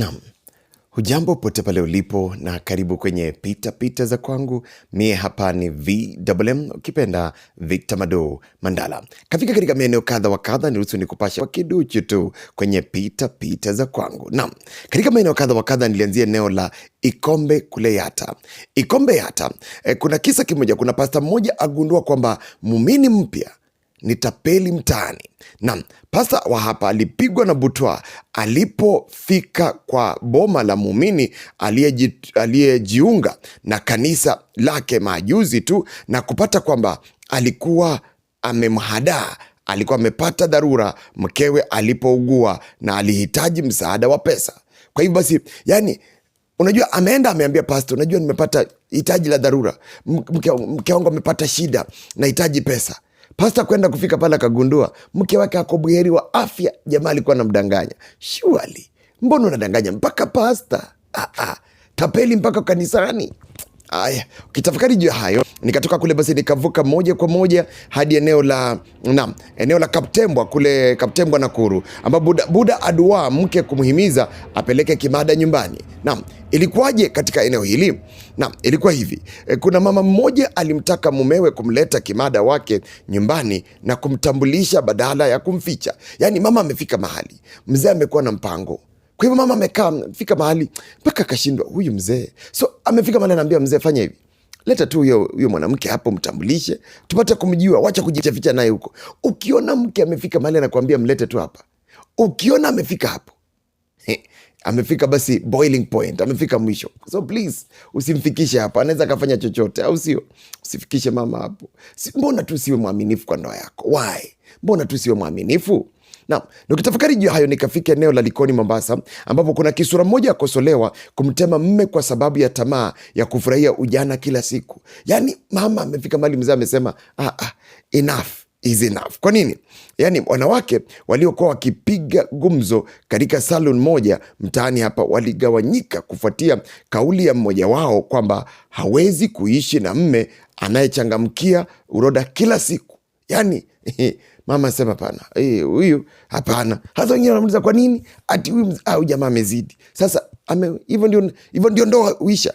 Naam, hujambo pote pale ulipo na karibu kwenye pita pita za kwangu. Mie hapa ni VMM ukipenda victa Mado Mandala. Kafika katika maeneo kadha wa kadha, niruhusu ni kupasha kiduchu tu kwenye pita pita za kwangu. Naam, katika maeneo kadha wa kadha nilianzia eneo la Ikombe kule Yata, Ikombe Yata. E, kuna kisa kimoja, kuna pasta mmoja agundua kwamba muumini mpya nitapeli mtaani. Na pasta wa hapa alipigwa na butwa alipofika kwa boma la muumini aliyejiunga na kanisa lake majuzi tu na kupata kwamba alikuwa amemhadaa alikuwa amepata dharura mkewe alipougua na alihitaji msaada wa pesa. Kwa hivyo basi, yani, unajua ameenda ameambia pasta, unajua nimepata hitaji la dharura, mke wangu amepata shida, nahitaji pesa. Pasta kwenda kufika pale akagundua mke wake ako buheri wa afya, jamaa alikuwa anamdanganya. shuali, mbona unadanganya mpaka pasta? Ah, ah, tapeli mpaka kanisani. Aya, ukitafakari juu ya hayo, nikatoka kule basi nikavuka moja kwa moja hadi eneo la na eneo la Kaptembwa kule Kaptembwa Nakuru, ambapo Buda, Buda aduaa mke kumhimiza apeleke kimada nyumbani. Naam, ilikuwaje katika eneo hili? Naam, ilikuwa hivi. Eh, kuna mama mmoja alimtaka mumewe kumleta kimada wake nyumbani na kumtambulisha badala ya kumficha. Yaani mama amefika mahali, mzee amekuwa na mpango kwa hivyo mama amekaa fika mahali mpaka akashindwa huyu mzee, so amefika mahali anaambia mzee, fanya hivi, leta tu huyo mwanamke hapo, mtambulishe tupate kumjua, wacha kujichaficha naye huko. Ukiona mke amefika mahali anakuambia mlete tu hapa, ukiona amefika hapo amefika basi boiling point, amefika mwisho. So please usimfikishe hapo, anaweza akafanya chochote, au sio? Usifikishe mama hapo. mbona tu siwe mwaminifu kwa ndoa yako? Why? Mbona tu siwe mwaminifu? Na nikitafakari juu hayo nikafika eneo la Likoni, Mombasa, ambapo kuna kisura mmoja akosolewa kumtema mme kwa sababu ya tamaa ya kufurahia ujana kila siku. yani mama amefika mali mzee amesema ah, ah, enough is enough. Kwa nini? Yaani wanawake waliokuwa wakipiga gumzo katika salon moja mtaani hapa waligawanyika kufuatia kauli ya mmoja wao kwamba hawezi kuishi na mme anayechangamkia uroda kila siku. Yaani Mama asema hapana, eh, huyu hapana. Hasa wengine wanamuuliza kwa nini, ati huyu au jamaa amezidi. Sasa hivyo ndio, hivyo ndio ndoa uisha.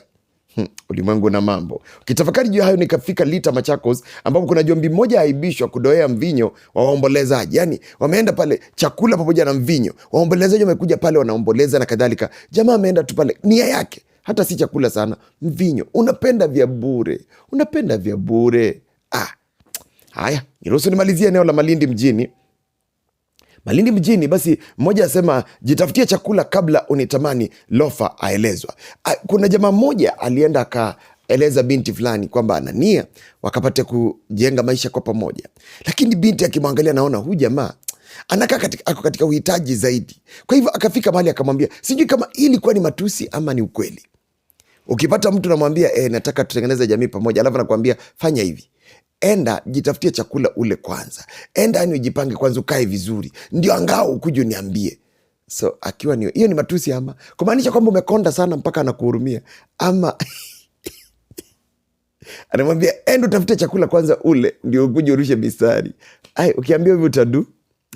Hmm, ulimwengu na mambo. Ukitafakari juu hayo, nikafika Lita Machakos, ambapo kuna jombi moja aibishwa kudoea mvinyo wa waombolezaji. Yani wameenda pale chakula pamoja na mvinyo, waombolezaji wamekuja pale, wanaomboleza na kadhalika. Jamaa ameenda tu pale, nia yake hata si chakula sana, mvinyo. Unapenda vya bure, unapenda vya bure. Haya, niruhusu nimalizie eneo la Malindi mjini. Malindi mjini basi, mmoja asema jitafutie chakula kabla unitamani, Lofa aelezwa. A, Kuna jamaa mmoja alienda eleza binti fulani kwamba anania wakapate kujenga maisha kwa pamoja, lakini binti akimwangalia, naona huyu jamaa anakaa katika, ako katika uhitaji zaidi. Kwa hivyo akafika mahali akamwambia, sijui kama hii ilikuwa ni matusi ama ni ukweli. Ukipata mtu namwambia e, eh, nataka tutengeneze jamii pamoja, alafu nakwambia fanya hivi Enda jitafutie chakula ule kwanza, enda yani ujipange kwanza, ukae vizuri, ndio angao ukuja uniambie. So akiwa ni hiyo, ni matusi ama kumaanisha kwamba umekonda sana mpaka anakuhurumia ama anamwambia enda utafute chakula kwanza ule ndio ukuja urushe mistari. Ai, ukiambia hivi utadu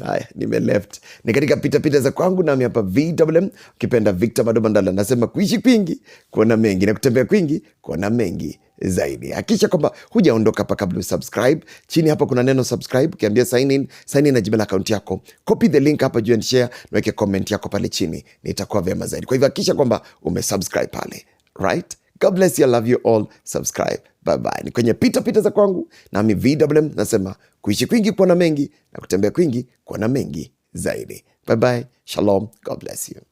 Haya, nime left ni katika pitapita za kwangu, nami hapa VMM, ukipenda Victor Mandala. Nasema kuishi kwingi kuona mengi na kutembea kwingi kuona mengi zaidi. Hakikisha kwamba hujaondoka hapa kabla usubscribe. Chini hapa kuna neno subscribe, ukiambia sign in, sign in na Gmail account yako. Copy the link hapa juu and share, na weke comment yako pale chini, nitakuwa vyema zaidi. Kwa hivyo hakikisha kwamba umesubscribe pale, right? God bless you, I love you all. Subscribe, bye bye. Ni kwenye pita pita za kwangu, nami VMM nasema kuishi kwingi kuona mengi na kutembea kwingi kuona mengi zaidi. Bye bye, shalom, God bless you.